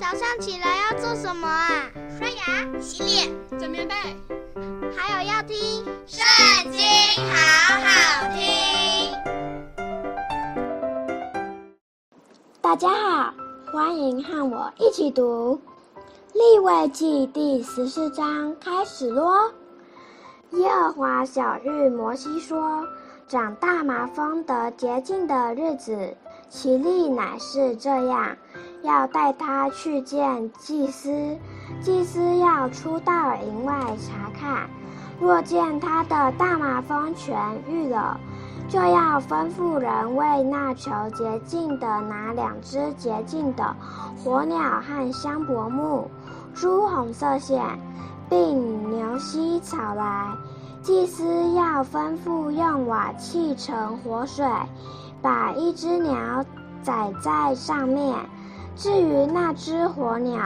早上起來要做什麼啊？刷牙、洗臉、整棉被，還有要聽《聖經》，好好聽。大家好，歡迎和我一起讀《利未記》第十四章，開始咯。耶和華曉諭摩西說：“長大麻風得潔淨的日子，其例乃是這樣。”要帶他去見祭司，祭司要出到營外察看，若見他的大痲瘋痊癒了，就要吩咐人為那求潔淨的拿兩隻潔淨的活鳥和香柏木、朱紅色線，並牛膝草來。祭司要吩咐用瓦器盛活水，把一隻鳥宰在上面。至於那隻活鳥，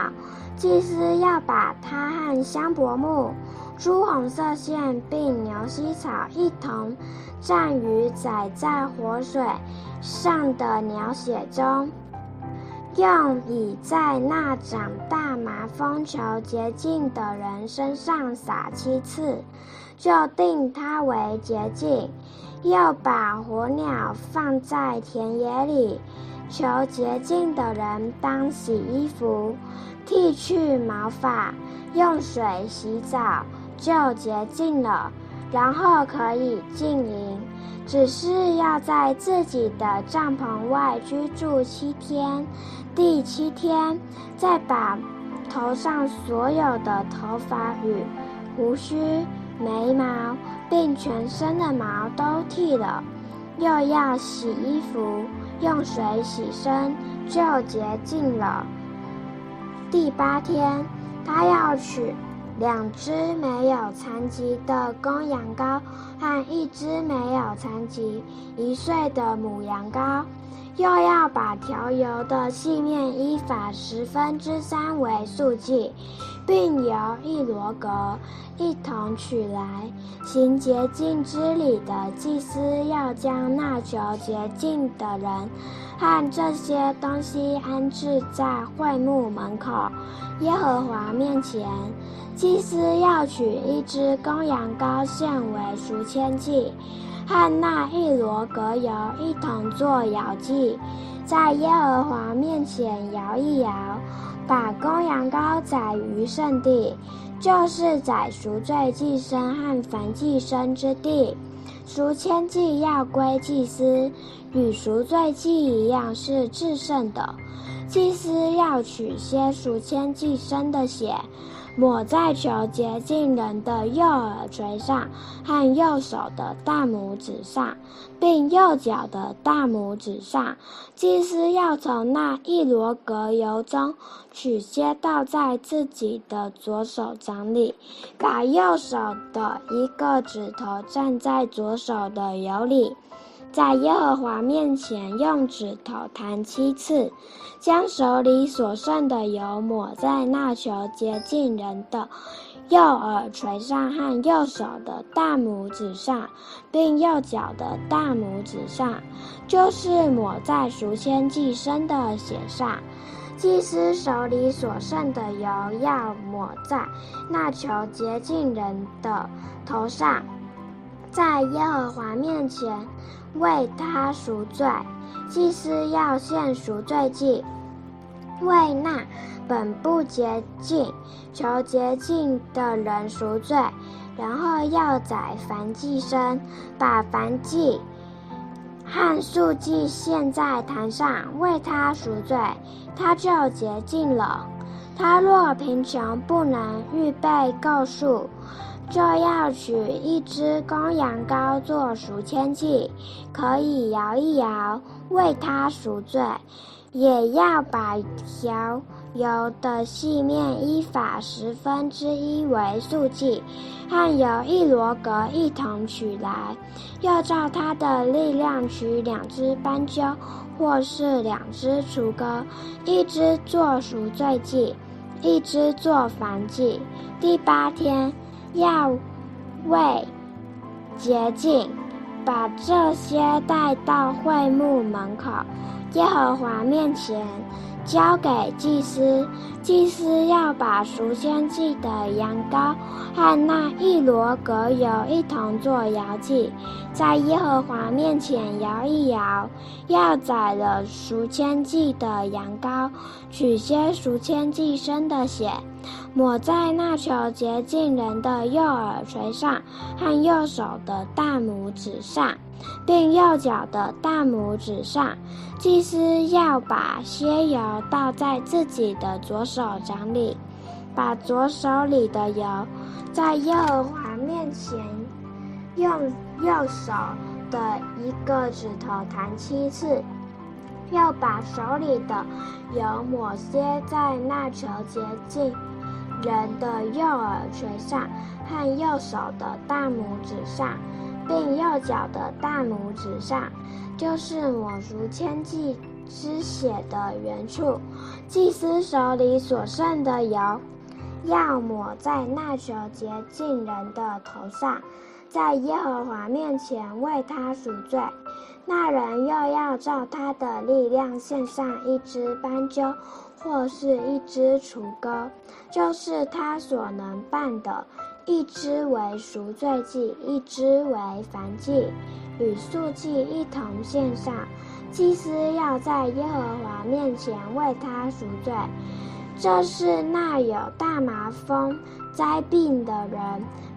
祭司要把它和香柏木、朱紅色線並牛膝草一同蘸於宰在活水上的鳥血中，用以在那長大麻風求潔淨的人身上灑七次，就定他為潔淨。又把活鳥放在田野裡。求潔淨的人，當洗衣服，剃去毛髮，用水洗澡就潔淨了，然後可以進營，只是要在自己的帳篷外居住七天。第七天再把頭上所有的頭髮與鬍鬚、眉毛，並全身的毛都剃了，又要洗衣服。用水洗身就潔淨了。第八天，他要取兩隻沒有殘疾的公羊羔和一隻沒有殘疾，一歲的母羊羔，又要把調油的細麵伊法十分之三為素祭。並油一羅革一同取來行潔淨之禮的祭司，要將那求潔淨的人和這些東西安置在會幕門口。耶和華面前，祭司要取一只公羊羔獻為贖愆祭，和那一羅革油一同作搖祭。在耶和華面前搖一搖，把公羊羔宰於聖地，就是宰贖罪祭牲和燔祭牲之地。贖愆祭要歸祭司，與贖罪祭一樣是至聖的。祭司要取些贖愆祭牲的血。抹在求潔淨人的右耳垂上和右手的大拇指上，並右腳的大拇指上。祭司要從那一羅革油中取些，倒在自己的左手掌裡，把右手的一個指頭蘸在左手的油裡。在耶和華面前用指頭彈七次，將手裡所剩的油抹在那求潔淨人的右耳垂上和右手的大拇指上，並右腳的大拇指上，就是抹在贖愆祭牲的血上。祭司手裡所剩的油要抹在那求潔淨人的頭上，在耶和華面前。為他贖罪，祭司要獻贖罪祭。為那本不潔淨、求潔淨的人贖罪，然後要宰燔祭牲，把燔祭和素祭獻在壇上，為他贖罪，他就潔淨了。他若貧窮，不能預備夠數就要取一隻公羊羔，羔做贖愆祭，可以搖一搖，為他贖罪；也要把調油的細麵伊法十分之一為素祭，和油一羅革一同取來。又照他的力量取兩隻斑鳩，或是兩隻雛鴿，一隻做贖罪祭，一隻做燔祭。第八天。要為潔淨，把這些帶到會幕門口，耶和華面前。交給祭司，祭司要把贖愆祭的羊羔和那一羅革油一同作搖祭，在耶和華面前搖一搖。要宰了贖愆祭的羊羔，取些贖愆祭牲的血，抹在那求潔淨人的右耳垂上和右手的大拇指上。並右腳的大拇指上，祭司要把些油倒在自己的左手掌裡，把左手裡的油，在耶和華面前用右手的一個指頭彈七次，要把手裡的油抹些在那求潔淨人的右耳垂上和右手的大拇指上。並右腳的大拇指上，就是抹贖愆祭之血的原處。祭司手裡所剩的油，要抹在那求潔淨人的頭上，在耶和華面前為他贖罪。那人又要照他的力量獻上一隻斑鳩，或是一隻雛鴿，就是他所能辦的。一隻為贖罪祭，一隻為燔祭，與素祭一同獻上。祭司要在耶和華面前為他贖罪。這是那有大麻風災病的人，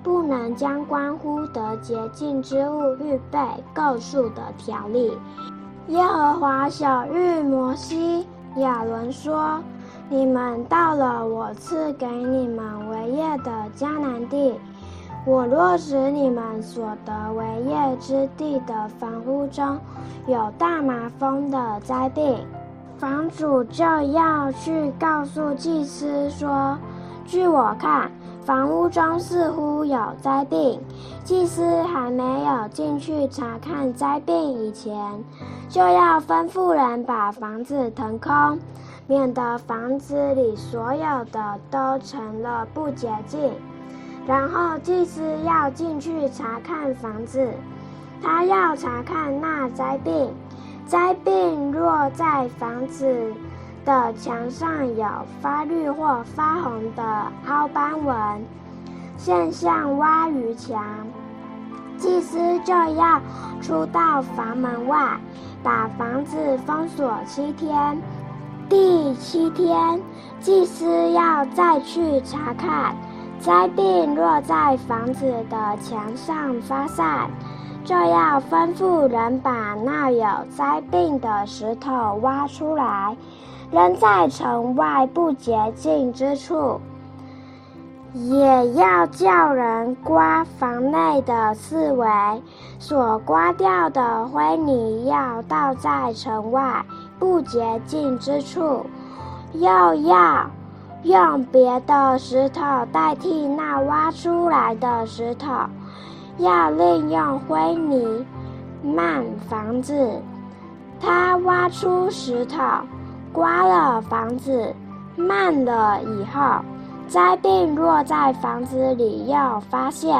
不能將關乎得潔淨之物預備夠數的條例。耶和華曉諭摩西、亞倫說。你們到了我賜給你們為業的迦南地，我若使你們所得為業之地的房屋中有大麻風的災病，房主就要去告訴祭司說：據我看，房屋中似乎有災病。祭司還沒有進去察看災病以前，就要吩咐人把房子騰空。免得房子裡所有的都成了不潔淨。然後祭司要進去查看房子，他要查看那災病。災病若在房子的牆上有發綠或發紅的凹斑紋，現象窪於牆，祭司就要出到房門外，把房子封鎖七天。第七天，祭司要再去察看，災病若在房子的牆上發散，就要吩咐人把那有災病的石頭挖出來，扔在城外不潔淨之處；也要叫人刮房內的四圍，所刮掉的灰泥要倒在城外。不潔淨之處，又要用別的石頭代替那挖出來的石頭，要另用灰泥墁房子。他挖出石頭，刮了房子，墁了以後。災病若在房子裡又發現，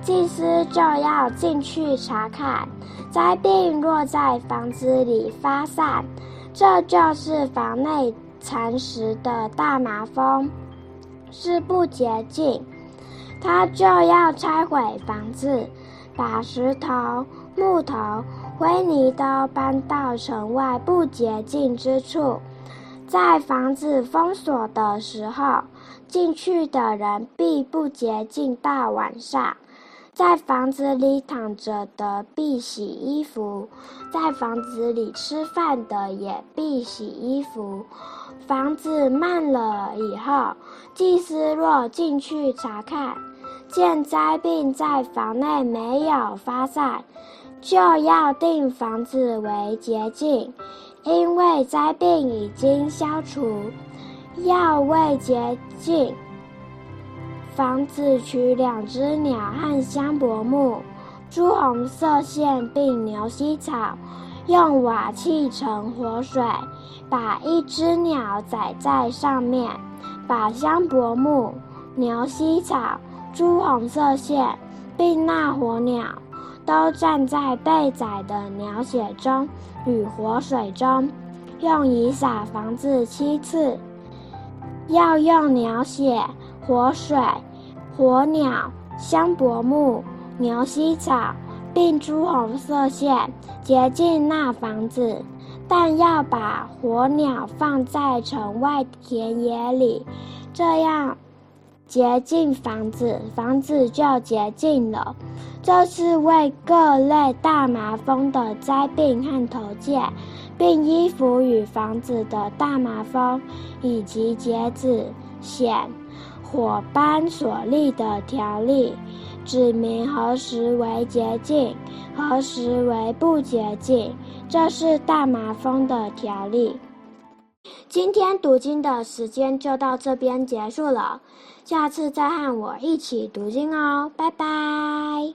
祭司就要進去查看。災病若在房子裡發散，這就是房內蠶食的大麻風，是不潔淨，他就要拆毀房子，把石頭、木頭、灰泥都搬到城外不潔淨之處。在房子封鎖的時候，進去的人必不潔淨到晚上，在房子裡躺着的必洗衣服，在房子裡吃飯的也必洗衣服。房子墁了以後，祭司若進去查看，見災病在房內沒有發散，就要定房子為潔淨。因為災病已經消除，要為潔淨房子取兩隻鳥和香柏木、朱紅色線並牛膝草，用瓦器盛活水，把一隻鳥宰在上面，把香柏木、牛膝草、朱紅色線並那活鳥，都蘸在被宰的鳥血中與活水中，用以灑房子七次。要用鳥血、活水、活鳥、香柏木、牛膝草，並朱紅色線潔淨那房子，但要把活鳥放在城外田野裡，這樣。潔淨房子，房子就潔淨了。這是為各類大麻風的災病和頭疥，並衣服與房子的大麻風以及癤子、癬、火斑所立的條例，指明何時為潔淨，何時為不潔淨。這是大麻風的條例。今天讀經的時間就到這邊結束了，下次再和我一起讀經哦，拜拜。